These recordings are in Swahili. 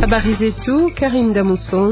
Habari zetu Karim Damoso.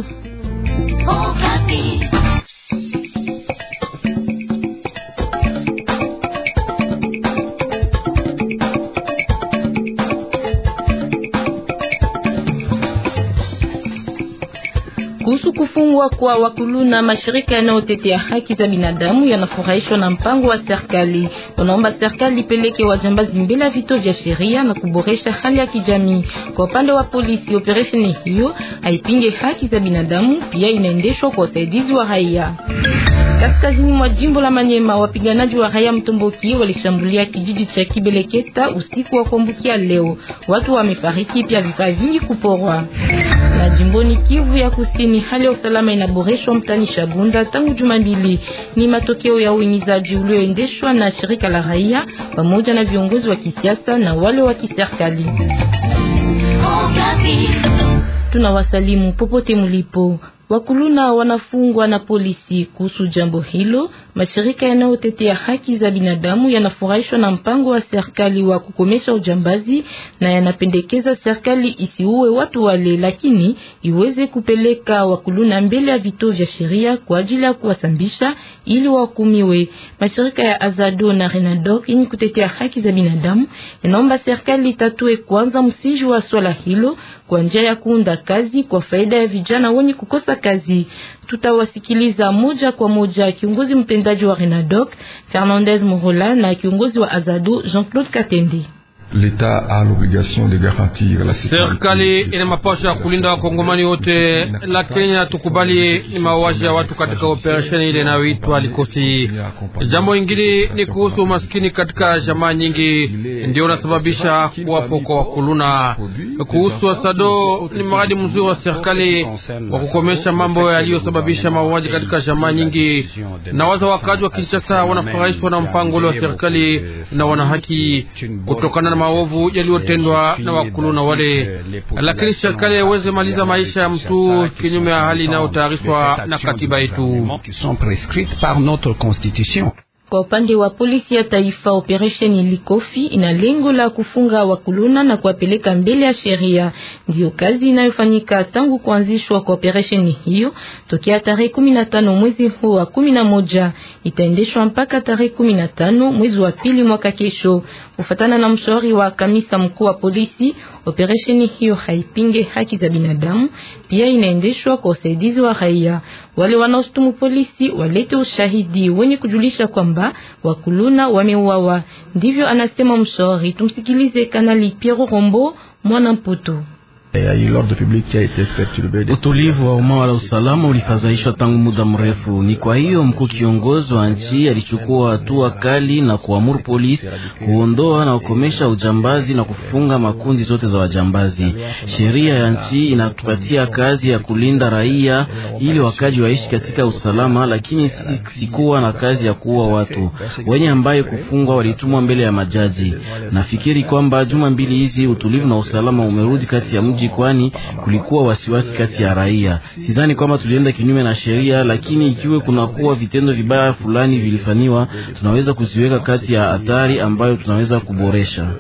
Kuhusu kufungwa kwa wakulu na mashirika yanayotetea haki za binadamu yanafurahishwa na mpango wa serikali. Wanaomba serikali ipeleke wajambazi mbele ya vituo vya sheria na kuboresha hali ya kijamii. Kwa upande wa polisi, operesheni hiyo haipinge haki za binadamu, pia inaendeshwa kwa usaidizi wa raia. Kaskazini mwa jimbo la Manyema, wapiganaji wa raia Mtomboki walishambulia kijiji cha Kibeleketa usiku wa kuambukia leo. Watu wamefariki, pia vifaa vingi kuporwa. Na jimboni Kivu ya Kusini, hali ya usalama inaboreshwa mtani Shabunda tangu juma mbili. Ni matokeo ya uhimizaji ulioendeshwa na shirika la raia pamoja na viongozi wa kisiasa na wale wa kiserikali. Oh, Tunawasalimu popote mlipo wakuluna wanafungwa na polisi. Kuhusu jambo hilo, mashirika yanayotetea haki za binadamu yanafurahishwa na mpango wa serikali wa kukomesha ujambazi na yanapendekeza serikali isiue watu wale, lakini iweze kupeleka wakuluna mbele ya vituo vya sheria kwa ajili ya kuwasambisha ili wakumiwe. Mashirika ya Azado na Renadoc yenye kutetea haki za binadamu yanaomba serikali itatue kwanza msingi wa swala hilo kwa njia ya kuunda kazi kwa faida ya vijana wenye kukosa kazi. Tutawasikiliza moja kwa moja kiongozi mtendaji wa Renadoc Fernandez Morola na kiongozi wa Azadu Jean-Claude Katende. Serikali ina mapasha ya kulinda wakongomani wote, lakini hatukubali ni mauaji ya watu katika operesheni ile inayoitwa Likosi. Jambo ingine ni kuhusu umaskini katika jamaa nyingi, ndio unasababisha kuwapo kwa wakuluna. Kuhusu Wasado, ni mradi mzuri wa serikali wa kukomesha mambo yaliyosababisha mauaji katika jamaa nyingi, wa Kinshasa wanafurahishwa na mpango ule wa serikali na wana haki kutokana na maovu yaliyotendwa na wakuluna wale, lakini serikali haiweze maliza maisha ya mtu kinyume ya hali inayotayarishwa na katiba yetu. Kwa upande wa polisi ya taifa, operesheni Likofi ina lengo la kufunga wakuluna na kuwapeleka mbele ya sheria. Ndiyo kazi inayofanyika tangu kuanzishwa kwa operesheni hiyo tokea tarehe 15 mwezi huu wa 11, itaendeshwa mpaka tarehe 15 mwezi wa pili mwaka kesho, kufuatana na mshauri wa kamisa mkuu wa polisi. Operesheni hiyo haipinge haki za binadamu, pia inaendeshwa kwa usaidizi wa raia. Wale wanaoshutumu polisi walete ushahidi wenye kujulisha kwamba wakuluna wameuawa. Ndivyo anasema mshauri. Tumsikilize Kanali Piero Rombo mwana Mputu. E utulivu wa umma wala usalama ulifadhaishwa tangu muda mrefu. Ni kwa hiyo mkuu kiongozi wa nchi alichukua hatua kali na kuamuru polisi kuondoa na kukomesha ujambazi na kufunga makundi zote za wajambazi. Sheria ya nchi inatupatia kazi ya kulinda raia ili wakaji waishi katika usalama, lakini sikuwa na kazi ya kuua watu wenye ambaye kufungwa walitumwa mbele ya majaji. Nafikiri kwamba juma mbili hizi utulivu na usalama umerudi kati ya mji mji, kwani kulikuwa wasiwasi kati ya raia. Sidhani kwamba tulienda kinyume na sheria, lakini ikiwe kunakuwa vitendo vibaya fulani vilifanyiwa, tunaweza kuziweka kati ya hatari ambayo tunaweza kuboresha.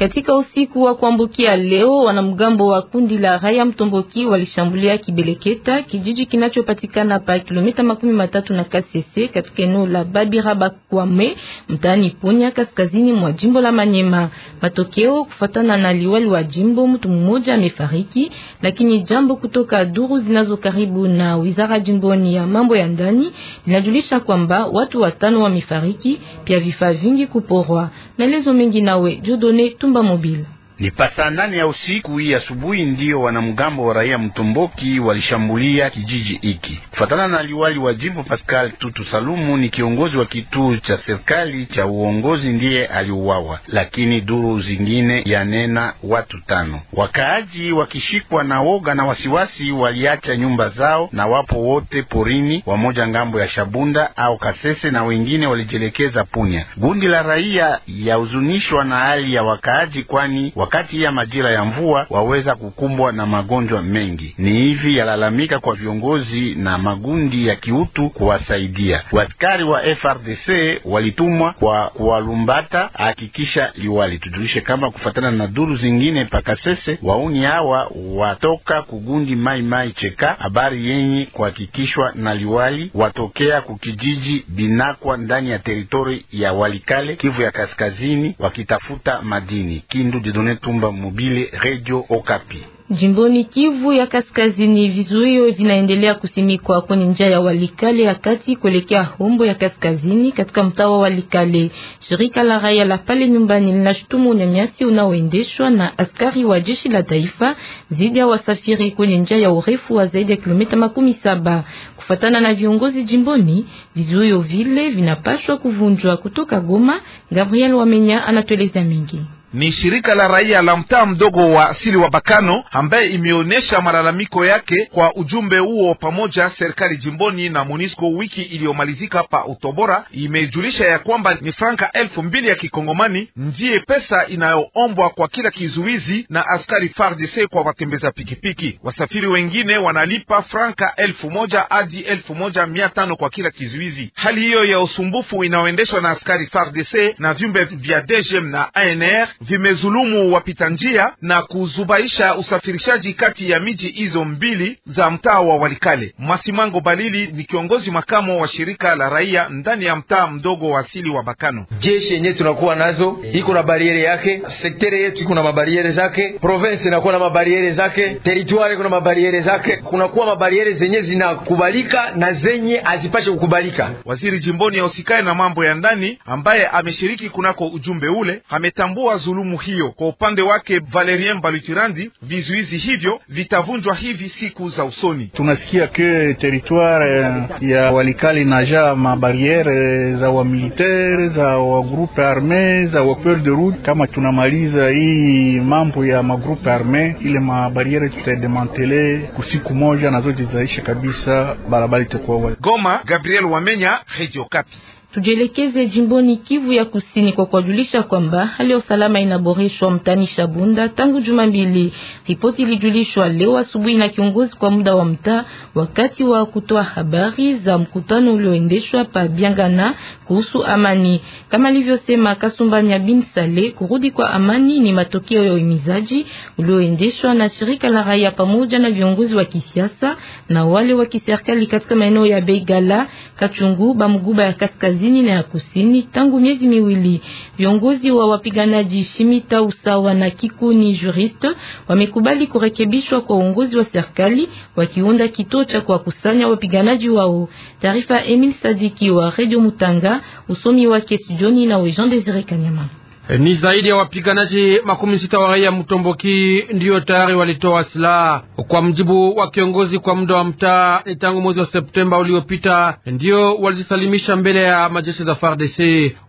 Katika usiku wa kuambukia leo, wanamgambo wa kundi la Raya Mtomboki walishambulia Kibeleketa, kijiji kinachopatikana pa kilomita makumi matatu na Kasese katika eneo la Babira Bakwame mtaani Punya kaskazini mwa jimbo la Manyema. Matokeo kufatana na liwali wa jimbo, mtu mmoja amefariki, lakini jambo kutoka duru zinazo karibu na wizara jimboni ya mambo ya ndani linajulisha kwamba watu watano wamefariki, pia vifaa vingi kuporwa. Maelezo mengi nawe Jodone tu Simba Mobile. Ni pasaa nane ya usiku hii asubuhi ndiyo wanamgambo wa raia mtomboki walishambulia kijiji hiki. Kufatana na liwali wa jimbo Pascal Tutu Salumu, ni kiongozi wa kituo cha serikali cha uongozi ndiye aliuawa, lakini duru zingine yanena watu tano. Wakaaji wakishikwa na woga na wasiwasi, waliacha nyumba zao na wapo wote porini, wamoja ngambo ya Shabunda au Kasese na wengine walijielekeza Punya. Gundi la raia yahuzunishwa na hali ya wakaaji kwani wa wakati ya majira ya mvua waweza kukumbwa na magonjwa mengi. Ni hivi yalalamika kwa viongozi na magundi ya kiutu kuwasaidia. Waskari wa FRDC walitumwa kwa kuwalumbata, hakikisha liwali. Tujulishe kama kufatana na duru zingine pakasese, wauni hawa watoka kugundi mai mai cheka, habari yenye kuhakikishwa na liwali, watokea kukijiji binakwa ndani ya teritori ya Walikale, Kivu ya kaskazini, wakitafuta madini Kindu Didone Mitumba Mobile, Radio Okapi. Jimboni Kivu ya Kaskazini, vizuio vinaendelea kusimikwa kwenye njia ya Walikale ya kati kuelekea Hombo ya Kaskazini katika mtaa wa Walikale. Shirika la raia la pale nyumbani linashutumu unyanyasi unaoendeshwa na askari wa jeshi la taifa dhidi ya wasafiri kwenye njia ya urefu wa zaidi ya kilomita makumi saba. Kufatana na viongozi jimboni, vizuio vile vinapaswa kuvunjwa. Kutoka Goma, Gabriel Wamenya anatueleza mingi ni shirika la raia la mtaa mdogo wa asili wa Bakano ambaye imeonyesha malalamiko yake kwa ujumbe huo. Pamoja serikali jimboni na Monisco wiki iliyomalizika pa Utobora imejulisha ya kwamba ni franka elfu mbili ya kikongomani ndiye pesa inayoombwa kwa kila kizuizi na askari FARDC kwa watembeza pikipiki. Wasafiri wengine wanalipa franka elfu moja hadi elfu moja mia tano kwa kila kizuizi. Hali hiyo ya usumbufu inayoendeshwa na askari FARDC na vyumbe vya DGM na ANR vimezulumu wapita njia na kuzubaisha usafirishaji kati ya miji hizo mbili za mtaa wa Walikale. Masimango Balili ni kiongozi makamo wa shirika la raia ndani ya mtaa mdogo wa asili wa Bakano. Jeshi yenyewe tunakuwa nazo iko na bariere yake, sektere yetu iko na mabariere zake, provensi inakuwa na mabariere zake, teritwari iko na mabariere zake. Kunakuwa mabariere zenye zinakubalika na zenye hazipashe kukubalika. Waziri jimboni ya usikae na mambo ya ndani ambaye ameshiriki kunako ujumbe ule ametambua dhulumu hiyo. Kwa upande wake Valerien Balutirandi, vizuizi hivyo vitavunjwa hivi siku za usoni. Tunasikia ke teritware eh, ya walikali naja mabariere eh, za wamilitere za wagrupe arme za wapeur de route. Kama tunamaliza hii mambo ya magrupe arme, ile mabariere tutademantele kusiku moja na zote zaisha kabisa, barabara itakuwa Goma, Gabriel Wamenya, Radio Kapi. Tujielekeze jimboni Kivu ya Kusini kwa kuwajulisha kwamba hali ya usalama inaboreshwa mtani Shabunda tangu juma mbili. Ripoti ilijulishwa leo asubuhi na kiongozi kwa muda wa mtaa wakati wa kutoa habari za mkutano ulioendeshwa pa Biangana kuhusu amani. Kama alivyosema Kasumba Nyabin Sale, kurudi kwa amani ni matokeo ya uhimizaji ulioendeshwa na shirika la raia pamoja na viongozi wa kisiasa na wale wa kiserikali katika maeneo ya Beigala, Kachungu, Bamuguba ya Kaskazini kaskazini na ya kusini tangu miezi miwili. Viongozi wa wapiganaji Shimita Usawa na Kikuni Juriste wamekubali kurekebishwa kwa uongozi wa serikali wakiunda kituo cha kuwakusanya wapiganaji wao. Taarifa Emil Sadiki wa Radio Mutanga, usomi wake studioni na Jean Desire Kanyama. Eh, ni zaidi ya wapiganaji makumi sita wa raia Mtomboki ndiyo tayari walitoa silaha, kwa mjibu wa kiongozi kwa muda wa mtaa. Ni tangu mwezi wa Septemba uliopita ndiyo walijisalimisha mbele ya majeshi za FARDC.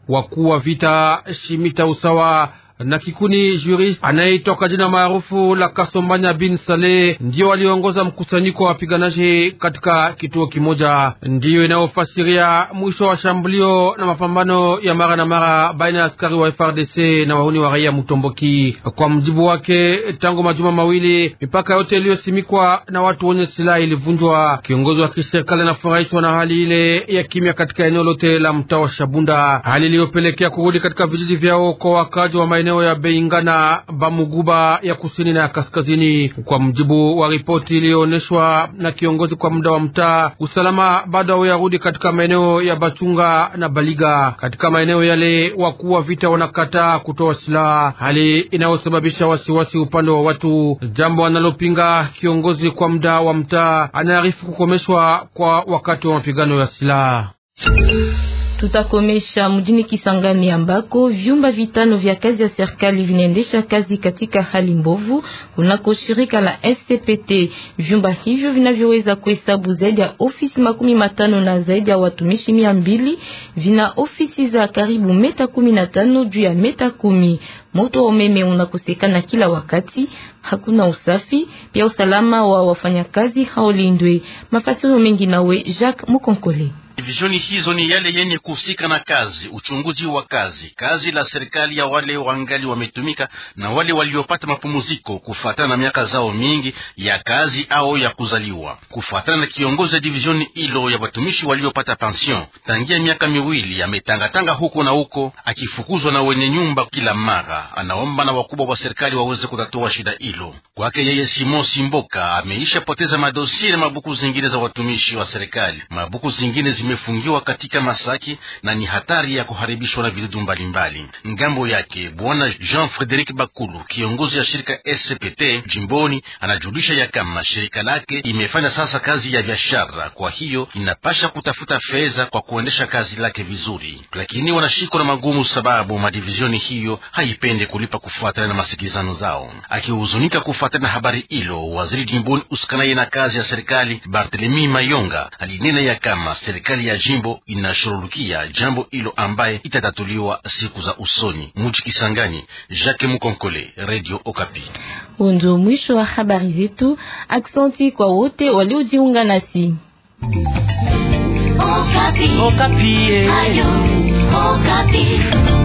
Wakuu wa vita Shimita Usawa na kikuni jurist anayetoka jina maarufu la Kasombanya bin sale ndiyo waliongoza mkusanyiko wa wapiganaji katika kituo kimoja, ndiyo inayofasiria mwisho wa shambulio na mapambano ya mara na mara baina ya askari wa FRDC na wahuni wa raia Mutomboki. Kwa mjibu wake, tangu majuma mawili mipaka yote iliyosimikwa na watu wenye silaha ilivunjwa. Kiongozi wa kiserikali anafurahishwa na hali ile ya kimya katika eneo lote la mtaa wa Shabunda, hali iliyopelekea kurudi katika vijiji vyao kwa wakaji wa maeneo maeneo ya Beingana, Bamuguba ya kusini na ya kaskazini. Kwa mjibu wa ripoti iliyoonyeshwa na kiongozi kwa muda wa mtaa, usalama bado hauyarudi katika maeneo ya Bachunga na Baliga. Katika maeneo yale, wakuu wa vita wanakataa kutoa silaha, hali inayosababisha wasiwasi upande wa watu, jambo analopinga kiongozi kwa muda wa mtaa. Anaarifu kukomeshwa kwa wakati wa mapigano ya silaha. Tutakomesha mjini Kisangani ambako vyumba vitano vya kazi ya serikali vinaendesha kazi katika hali mbovu kunako shirika la SCPT. Vyumba hivyo vinavyoweza kuhesabu zaidi ya ofisi makumi matano na zaidi ya watumishi mia mbili vina ofisi za karibu meta kumi na tano juu ya meta kumi. Moto wa umeme unakosekana kila wakati, hakuna usafi, pia usalama wa wafanyakazi haulindwe. Mafasiro mengi nawe Jacques Mukonkole. Divisioni hizo ni yale yenye kuhusika na kazi, uchunguzi wa kazi, kazi la serikali ya wale wangali wametumika na wale waliopata mapumziko kufuatana na miaka zao mingi ya kazi au ya kuzaliwa, kufuatana na kiongozi ya divisioni hilo ya watumishi waliopata pension. Tangia miaka miwili ametangatanga huko na huko, akifukuzwa na wenye nyumba kila mara. Anaomba na wakubwa wa serikali waweze kutatua shida hilo. Kwake yeye, simo Simboka ameisha poteza madosie na mabuku zingine za watumishi wa serikali, mabuku zingine zime imefungiwa katika Masaki na ni hatari ya kuharibishwa na vidudu mbalimbali. Ngambo yake bwana Jean Frederic Bakulu, kiongozi ya shirika SPT jimboni, anajulisha ya kama shirika lake imefanya sasa kazi ya biashara, kwa hiyo inapasha kutafuta fedha kwa kuendesha kazi lake vizuri, lakini wanashikwa na magumu sababu madivizioni hiyo haipende kulipa kufuatana na masikilizano zao. Akihuzunika kufuatana na habari hilo, waziri jimboni usikanaye na kazi ya serikali Barthelemy Mayonga alinena ya kama serikali serikali ya jimbo inashurulukia jambo hilo ambaye itatatuliwa siku za usoni. Muji Kisangani, Jacques Mukonkole, Radio Okapi. Huu ndio mwisho wa habari zetu. Aksanti kwa wote waliojiunga nasi Okapi. Okapi. Eh. Ayo, Okapi.